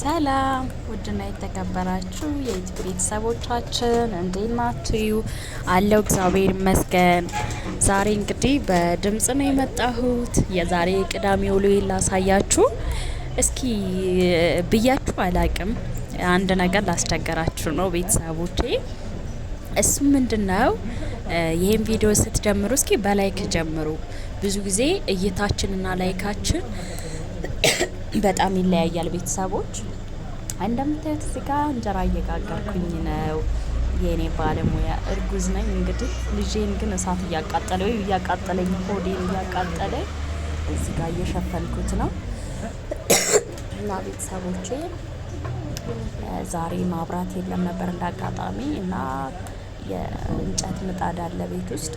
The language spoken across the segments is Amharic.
ሰላም ውድና የተከበራችሁ የኢትዮጵያ ቤተሰቦቻችን እንዴት ናችሁ? አለው እግዚአብሔር ይመስገን። ዛሬ እንግዲህ በድምጽ ነው የመጣሁት። የዛሬ ቅዳሜ ውሎ ላሳያችሁ እስኪ ብያችሁ አላቅም። አንድ ነገር ላስቸገራችሁ ነው ቤተሰቦቼ። እሱ ነው? ይህን ቪዲዮ ስትጀምሩ እስኪ በላይክ ጀምሩ። ብዙ ጊዜ እይታችንና ላይካችን በጣም ይለያያል። ቤተሰቦች እንደምታዩት እዚህ እንጀራ እየጋገርኩኝ ነው። የእኔ ባለሙያ እርጉዝ ነኝ እንግዲህ ልጄን ግን እሳት እያቃጠለ ወይ እያቃጠለኝ ሆዴን እያቃጠለ እዚህ ጋር እየሸፈንኩት ነው። እና ቤተሰቦቼ ዛሬ ማብራት የለም ነበር እንዳጋጣሚ እና የእንጨት ምጣድ አለ ቤት ውስጥ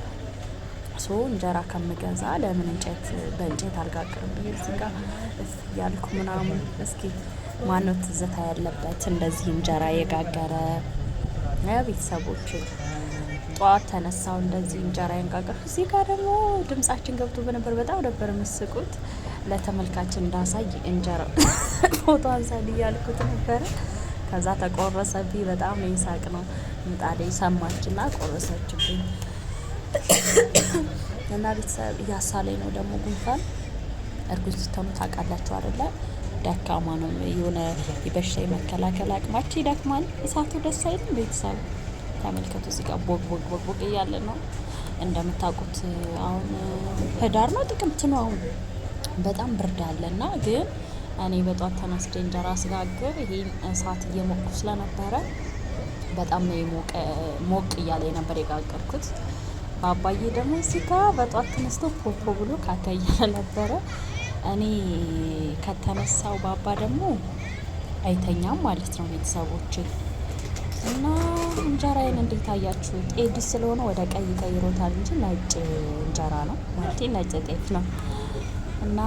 ሶ እንጀራ ከምገዛ ለምን እንጨት በእንጨት አልጋግርም ብዬ እዚህ ጋር እያልኩ ምናምን እስኪ ማነው ትዝታ ያለበት እንደዚህ እንጀራ የጋገረ ቤተሰቦች ጠዋት ተነሳው እንደዚህ እንጀራ ያንጋገር እዚህ ጋር ደግሞ ድምጻችን ገብቶ በነበር በጣም ነበር ምስቁት። ለተመልካችን እንዳሳይ እንጀራ ፎቶ አንሳል እያልኩት ነበረ። ከዛ ተቆረሰብኝ። በጣም የሳቅ ነው ምጣዴ ሰማችና ቆረሰችብኝ። እና ቤተሰብ እያሳለኝ ነው ደግሞ ጉንፋን እርጉዝ ስትሆኑ ታውቃላችሁ አይደለ? ደካማ ነው የሆነ የበሽታ የመከላከል አቅማች ይደክማል። እሳቱ ደስ አይልም። ቤተሰብ ተመልከቱ፣ እዚህ ጋር ቦግ ቦግ ቦግ ቦግ እያለ ነው እንደምታውቁት። አሁን ህዳር ነው ጥቅምት ነው። አሁን በጣም ብርድ አለ እና ግን እኔ በጧት ተነስቼ እንጀራ ስጋግር ይሄን እሳት እየሞቁ ስለነበረ በጣም ነው ሞቅ እያለ ነበር የጋገርኩት። አባዬ ደግሞ እዚህ ጋ በጧት ተነስቶ ፖፖ ብሎ ካካ ነበረ። እኔ ከተነሳው ባባ ደግሞ አይተኛም ማለት ነው። ቤተሰቦች እና እንጀራዬን እንዴት አያችሁ? ኤዲ ስለሆነ ወደ ቀይ ቀይሮታል እንጂ ነጭ እንጀራ ነው ማለት ነጭ ጤፍ ነው። እና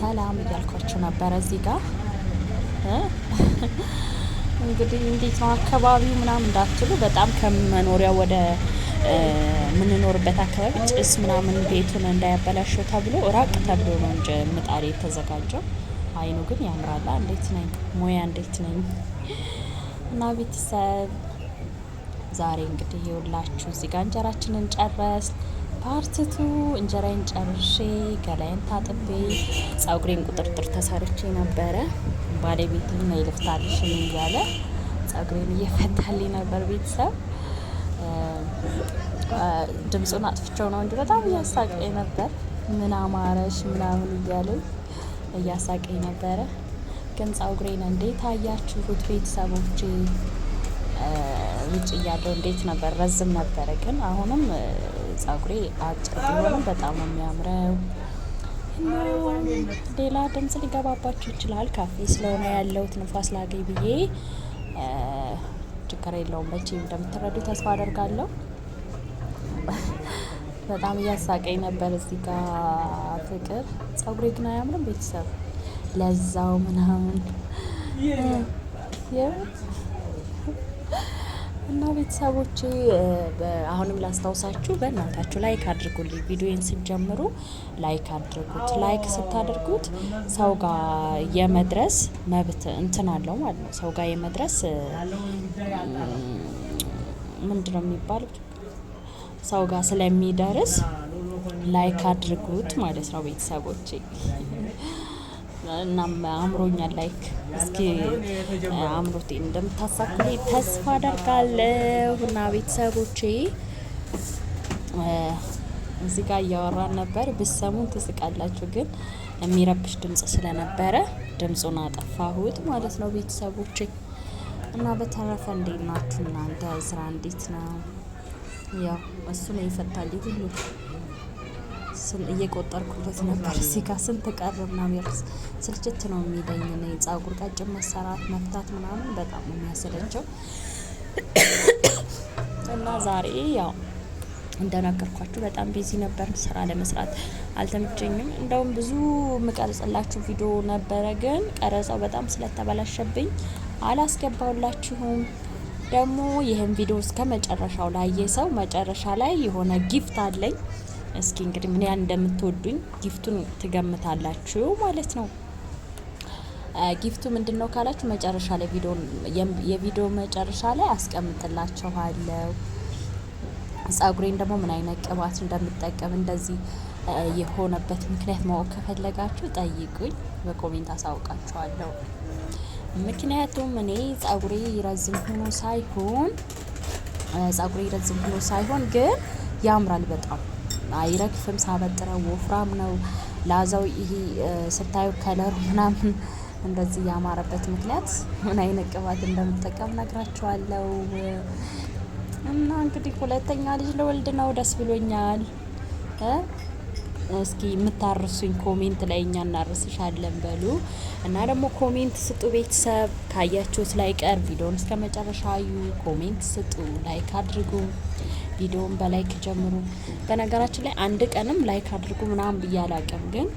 ሰላም እያልኳችሁ ነበረ እዚህ ጋር እንግዲህ እንዴት ነው አካባቢው ምናምን እንዳትሉ በጣም ከመኖሪያ ወደ የምንኖርበት አካባቢ ጭስ ምናምን ቤቱን እንዳያበላሸው ተብሎ ራቅ ተብሎ ነው እንጂ ምጣድ የተዘጋጀው። አይኑ ግን ያምራላ። እንዴት ነኝ ሙያ እንዴት ነኝ እና ቤተሰብ ዛሬ እንግዲህ የውላችሁ እዚህ ጋር እንጀራችንን ጨረስ ፓርትቱ እንጀራዬን ጨርሼ ገላዬን ታጥቤ ጸጉሬን ቁጥርጥር ተሰርቼ ነበረ። ባለቤቴ ነው የልፍታልሽ እያለ ጸጉሬን እየፈታልኝ ነበር ቤተሰብ ድምፁን አጥፍቸው ነው እንጂ በጣም እያሳቀኝ ነበር። ምን አማረሽ ምናምን እያለኝ እያሳቀኝ ነበረ። ግን ጸጉሬን እንዴት አያችሁት ቤተሰቦቼ? ውጭ እያለው እንዴት ነበር? ረዝም ነበረ። ግን አሁንም ጸጉሬ አጭር ቢሆንም በጣም የሚያምረው። ሌላ ድምፅ ሊገባባችሁ ይችላል። ካፌ ስለሆነ ያለሁት ንፋስ ላገኝ ብዬ ችግር የለውም። መቼም እንደምትረዱ ተስፋ አደርጋለሁ። በጣም እያሳቀኝ ነበር እዚህ ጋ ፍቅር። ጸጉሬ ግን አያምርም ቤተሰብ ለዛው ምናምን እና ቤተሰቦቼ አሁንም ላስታውሳችሁ በእናታችሁ ላይክ አድርጉልኝ። ቪዲዮን ስትጀምሩ ላይክ አድርጉት። ላይክ ስታደርጉት ሰው ጋር የመድረስ መብት እንትን አለው ማለት ነው። ሰው ጋር የመድረስ ምንድን ነው የሚባለው? ሰው ጋር ስለሚደርስ ላይክ አድርጉት ማለት ነው ቤተሰቦቼ። እናም አምሮኛ ላይክ እስኪ አምሮቴ እንደምታሳኩልኝ ተስፋ አደርጋለሁ። እና ቤተሰቦቼ እዚህ ጋር እያወራን ነበር፣ ብሰሙን ትስቃላችሁ። ግን የሚረብሽ ድምጽ ስለነበረ ድምፁን አጠፋሁት ማለት ነው ቤተሰቦቼ። እና በተረፈ እንዴት ናችሁ እናንተ? ስራ እንዴት ነው? ያው እሱ ነው የፈታልኝ ሁሉ ስም እየቆጠርኩበት ነበር። እዚህ ጋር ስንት ቀረ ምናምን ስልችት ነው የሚለኝ። ነ የጸጉር ቀጭን መሰራት መፍታት ምናምን በጣም ነው የሚያሰለቸው እና ዛሬ ያው እንደነገርኳችሁ በጣም ቢዚ ነበር። ስራ ለመስራት አልተመቸኝም። እንደውም ብዙ የምቀርጽላችሁ ቪዲዮ ነበረ፣ ግን ቀረጻው በጣም ስለተበላሸብኝ አላስገባውላችሁም። ደግሞ ይህን ቪዲዮ እስከ መጨረሻው ላየ ሰው መጨረሻ ላይ የሆነ ጊፍት አለኝ። እስኪ እንግዲህ ምን ያህል እንደምትወዱኝ ጊፍቱን ትገምታላችሁ ማለት ነው። ጊፍቱ ምንድን ነው ካላችሁ መጨረሻ ላይ የቪዲዮ መጨረሻ ላይ አስቀምጥላችኋለሁ። ጸጉሬን ደግሞ ምን አይነት ቅባት እንደምጠቀም እንደዚህ የሆነበት ምክንያት ማወቅ ከፈለጋችሁ ጠይቁኝ፣ በኮሜንት አሳውቃችኋለሁ። ምክንያቱም እኔ ጸጉሬ ይረዝም ሆኖ ሳይሆን ጸጉሬ ይረዝም ሆኖ ሳይሆን ግን ያምራል በጣም አይረግፍም ሳበጥረው ወፍራም ነው። ላዛው ይሄ ስታዩ ከለሩ ምናምን እንደዚህ ያማረበት ምክንያት ምን አይነት ቅባት እንደምጠቀም ነግራችኋለሁ። እና እንግዲህ ሁለተኛ ልጅ ለወልድ ነው። ደስ ብሎኛል። እስኪ የምታርሱኝ ኮሜንት ላይ እኛ እናርስሻለን በሉ እና ደግሞ ኮሜንት ስጡ። ቤተሰብ ካያችሁት ላይ ቀር ቪዲዮን እስከ መጨረሻ አዩ፣ ኮሜንት ስጡ፣ ላይክ አድርጉ፣ ቪዲዮን በላይክ ጀምሩ። በነገራችን ላይ አንድ ቀንም ላይክ አድርጉ ምናምን ብዬ አላቅም፣ ግን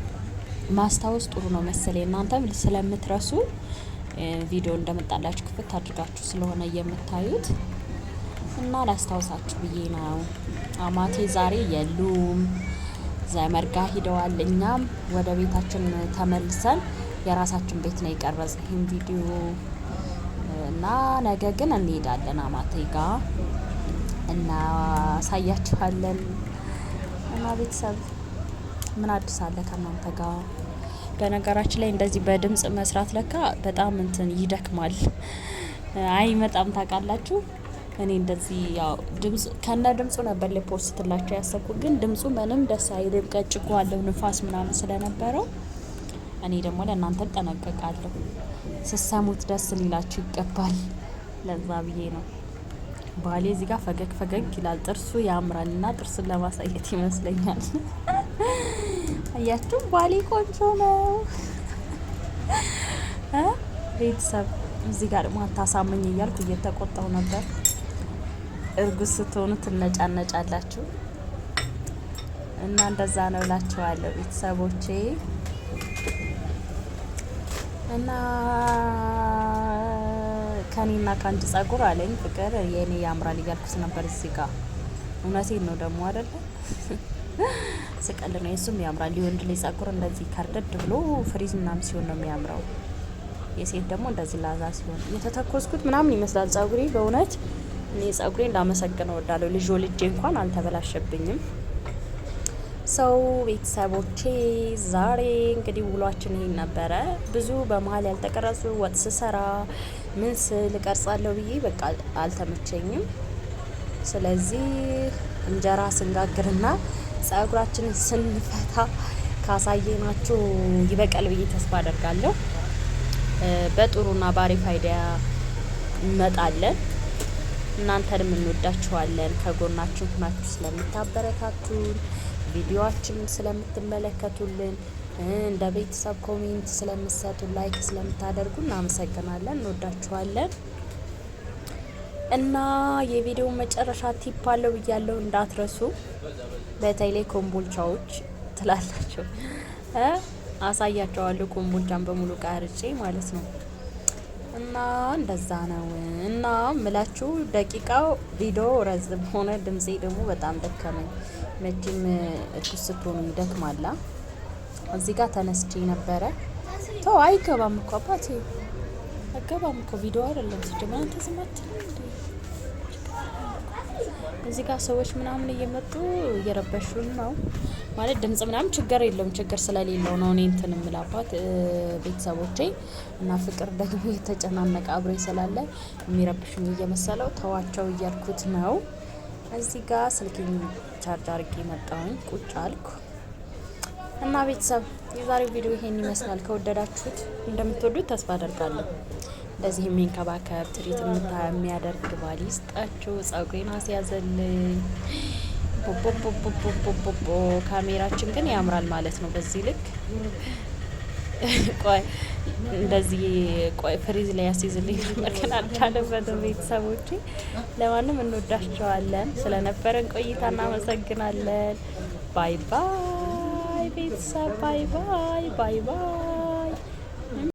ማስታወስ ጥሩ ነው መሰለኝ እናንተም ስለምትረሱ ቪዲዮ እንደመጣላችሁ ክፍት አድርጋችሁ ስለሆነ የምታዩት እና ላስታውሳችሁ ብዬ ነው። አማቴ ዛሬ የሉም። ዘመድ ጋ ሂደዋል። እኛም ወደ ቤታችን ተመልሰን የራሳችን ቤት ነው የቀረጽ ይህን ቪዲዮ እና ነገ ግን እንሄዳለን አማቴ ጋ እናሳያችኋለን። እና ቤተሰብ ምን አዲስ አለ ከእናንተ ጋ በነገራችን ላይ እንደዚህ በድምጽ መስራት ለካ በጣም እንትን ይደክማል። መጣም ታውቃላችሁ። እኔ እንደዚህ ያው ድምፁ ከነ ድምጹ ነበር ሊፖስትላቸው ያሰብኩት፣ ግን ድምጹ ምንም ደስ አይልም። ቀጭቆ አለው ንፋስ ምናምን ስለነበረው እኔ ደግሞ ለእናንተ እጠነቀቃለሁ። ስሰሙት ደስ ሊላችሁ ይገባል። ለዛ ብዬ ነው። ባሌ እዚህ ጋር ፈገግ ፈገግ ይላል። ጥርሱ ያምራል እና ጥርስን ለማሳየት ይመስለኛል። አያችሁ፣ ባሌ ቆንጆ ነው። ቤተሰብ እዚህ ጋር ደግሞ አታሳምኝ እያልኩ እየተቆጣው ነበር። እርጉዝ ስትሆኑ ትነጫነጫላችሁ እና እንደዛ ነው እላቸዋለሁ ቤተሰቦቼ። እና ከኔና ከአንድ ጸጉር አለኝ ፍቅር የእኔ ያምራል እያልኩት ነበር እዚህ ጋር። እውነቴን ነው ደግሞ አደለ ስቀል ነው የሱም ያምራል። የወንድ ልጅ ጸጉር እንደዚህ ከርደድ ብሎ ፍሪዝ ምናምን ሲሆን ነው የሚያምረው። የሴት ደግሞ እንደዚህ ላዛ ሲሆን የተተኮስኩት ምናምን ይመስላል ጸጉሬ በእውነት እኔ ጸጉሬን ላመሰግነው እወዳለሁ። ልጅ ወልጄ እንኳን አልተበላሸብኝም። ሰው ቤተሰቦቼ ዛሬ እንግዲህ ውሏችን ይሄን ነበረ። ብዙ በመሀል ያልተቀረጹ ወጥ ስሰራ ምን ስል ቀርጻለሁ ብዬ በቃ አልተመቸኝም። ስለዚህ እንጀራ ስንጋግርና ጸጉራችንን ስንፈታ ካሳየናችሁ ይበቃል ብዬ ተስፋ አደርጋለሁ። በጥሩና በአሪፍ አይዲያ እንመጣለን። እናንተንም እንወዳችኋለን። ከጎናችሁ ሁናችሁ ስለምታበረታቱን፣ ቪዲዮችንን ስለምትመለከቱልን፣ እንደ ቤተሰብ ኮሜንት ስለምሰጡ፣ ላይክ ስለምታደርጉ እናመሰግናለን። እንወዳችኋለን። እና የቪዲዮ መጨረሻ ቲፕ አለው ብያለው እንዳትረሱ። በተለይ ኮምቦልቻዎች ትላላቸው አሳያቸዋለሁ። ኮምቦልቻን በሙሉ ቀርጬ ማለት ነው። እና እንደዛ ነው እና ምላችሁ ደቂቃው ቪዲዮ ረዝም ሆነ። ድምፄ ደግሞ በጣም ደከመኝ። መቼም እርኩስ ስትሆኑ ይደክማላ። እዚህ ጋር ተነስቼ ነበረ። ተው አይገባም እኮ አባቴ፣ አይገባም እኮ ቪዲዮ አይደለም። ስጀመር አንተ ዝም እንዴ? እዚህ ጋር ሰዎች ምናምን እየመጡ እየረበሹን ነው ማለት ድምጽ ምናምን ችግር የለውም። ችግር ስለሌለው ነው እኔ እንትን የምላባት ቤተሰቦቼ እና ፍቅር ደግሞ የተጨናነቀ አብሬ ስላለ የሚረብሹኝ እየመሰለው ተዋቸው እያልኩት ነው። እዚህ ጋር ስልኬን ቻርጅ አድርጌ መጣውኝ ቁጭ አልኩ እና ቤተሰብ የዛሬው ቪዲዮ ይሄን ይመስላል። ከወደዳችሁት እንደምትወዱት ተስፋ አደርጋለሁ። እንደዚህ የሚንከባከብ ትሪት የሚያደርግ ባል ይስጣችሁ። ጸጉሬን አስያዘልኝ። ቦቦቦቦቦቦቦ ካሜራችን ግን ያምራል ማለት ነው። በዚህ ልክ ቆይ እንደዚህ ቆይ ፍሪዝ ላይ ያስይዝልኝ ነበር ግን አልቻለበትም። ቤተሰቦች ለማንም እንወዳቸዋለን። ስለነበረን ቆይታ እናመሰግናለን። ባይ ባይ ቤተሰብ ባይ ባይ ባይ ባይ